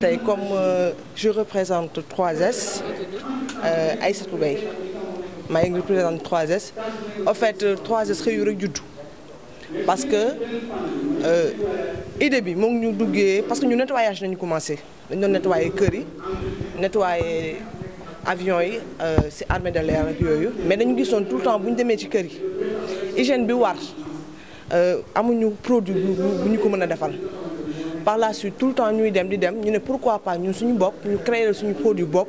tey comme euh, présente trois 3S euh, Aïssatou Bey maa ngi représente trois s en fait 3S euh, xëyu rek juddu parce que idée bi moo ñu duggee parce que ñu nettoyage nañu commencé dañu doon nettoyé kër yi nettoyé avion yi ci armée de l'air yooyu mais dañu gisoon tout le temps bu demee ci kër yi hygiène bi war amuñu produit bu ñu ko mën a defal par la suite tout le temps ñuy dem di dem ñu ne pourquoi pas ñu suñu bopp ñu créer suñu produit bopp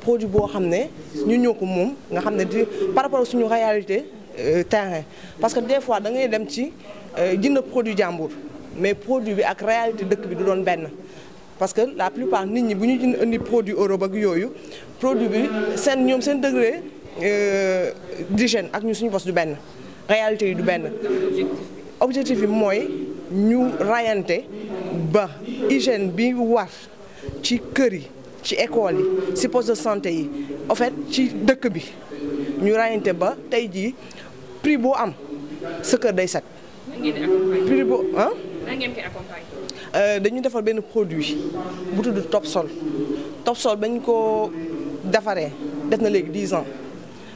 produit boo xam ne ñu ñëw ko moom nga xam ne di par rapport suñu réalité euh, terrain parce que des fois da ngay dem ci euh, jënd produit jàmbur mais produit bi ak réalité dëkk bi du doon benn parce que la plupart nit ñi bu ñu jënd indi produit Europe ak yooyu produit bi seen ñoom seen degré euh, d'hygiène ak ñu suñu bos du benn réalité yi du benn objectif bi mooy ñu rayante ba hygiène bi war ci kër yi ci école yi ci poste de santé yi en fait ci dëkk bi ñu rayante ba tey jii prix boo am sa kër day set. prix boo ah. Euh, dañu defar benn produit bu tudd Topsol Topsol bañ koo defaree def na léegi dix ans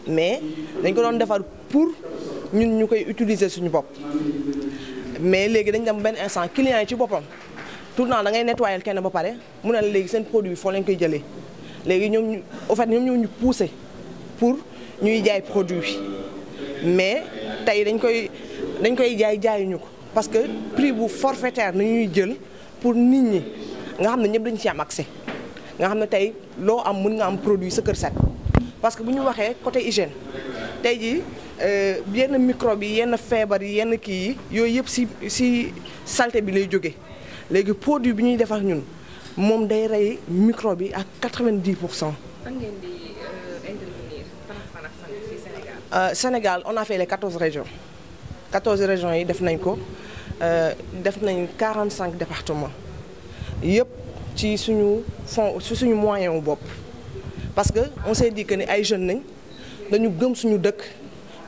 mais dañ ko doon defar pour ñun ñu koy utiliser suñu bopp. mais léegi dañ dem benn instant client yi ci boppam tout le temps da ngay nettoyer kenn ba pare mu ne la léegi seen produit foo leen koy jëlee léegi ñoom ñu au fait ñoom ñoo ñu poussé pour ñuy jaay produit mais tey dañ koy dañ koy jaay jaayuñu ko parce que prix bu forfaitaire na ñuy jël pour nit ñi nga xam ne ñëpp dañ ci am accès nga xam ne tey loo am mun nga am produit sa kër set parce que bu ñu waxee côté hygiène tey jii. Euh, yenn microbe yi yenn feebar yi yenn kii yi yooyu yëpp si si saleté bi lay jóge léegi produit bi ñuy defar ñun moom day rey microbe yi ak quatre vingt di euh, intervenir fan ak fan ak euh, Sénégal. on a fait les quatorze régions quatorze régions yi def nañ ko def nañ quarante-cinq départements yëpp ci suñu fond ci suñu moyen wu bopp parce que on s'est dit ni ay jeunes nañ dañu gëm suñu dëkk.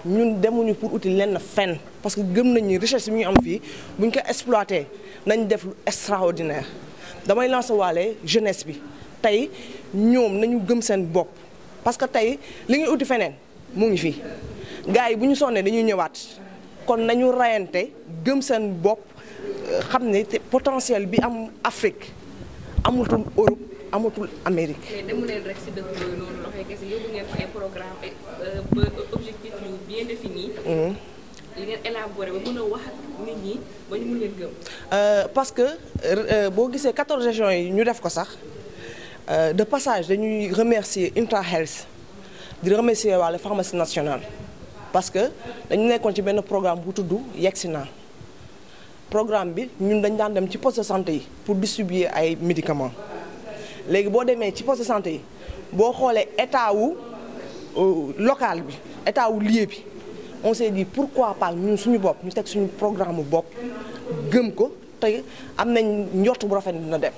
ñun demuñu pour uti lenn fenn parce que gëm nañ ni richesse bi ñu am fii bu ñu ko exploité nañ def lu extraordinaire damay lancer waale jeunesse bi tey ñoom nañu gëm seen bopp parce que tey li ngay uti feneen mu ngi fii gars yi bu ñu sonnee dañuy ñëwaat kon nañu rayante gëm seen bopp xam ne potentiel bi am Afrique amatul Europe amatul Amérique. mais euh, mm-hmm. euh, parce que euh, boo gisee 14 régions yi ñu def ko sax de passage dañuy remercier Intra Health di remercier waa la nationale parce que dañu nekkoon ci benn programme bu tudd yegsi naa programme bi ñun dañ daan dem ci poste de santé yi pour distribuer ay médicaments. léegi boo demee ci poste de santé yi boo xoolee état wu euh, local bi état wu lieu bi on s'est dit pourquoi pas ñun suñu bopp ñu teg suñu programme bopp gëm ko te am nañ njort bu rafet dina dem.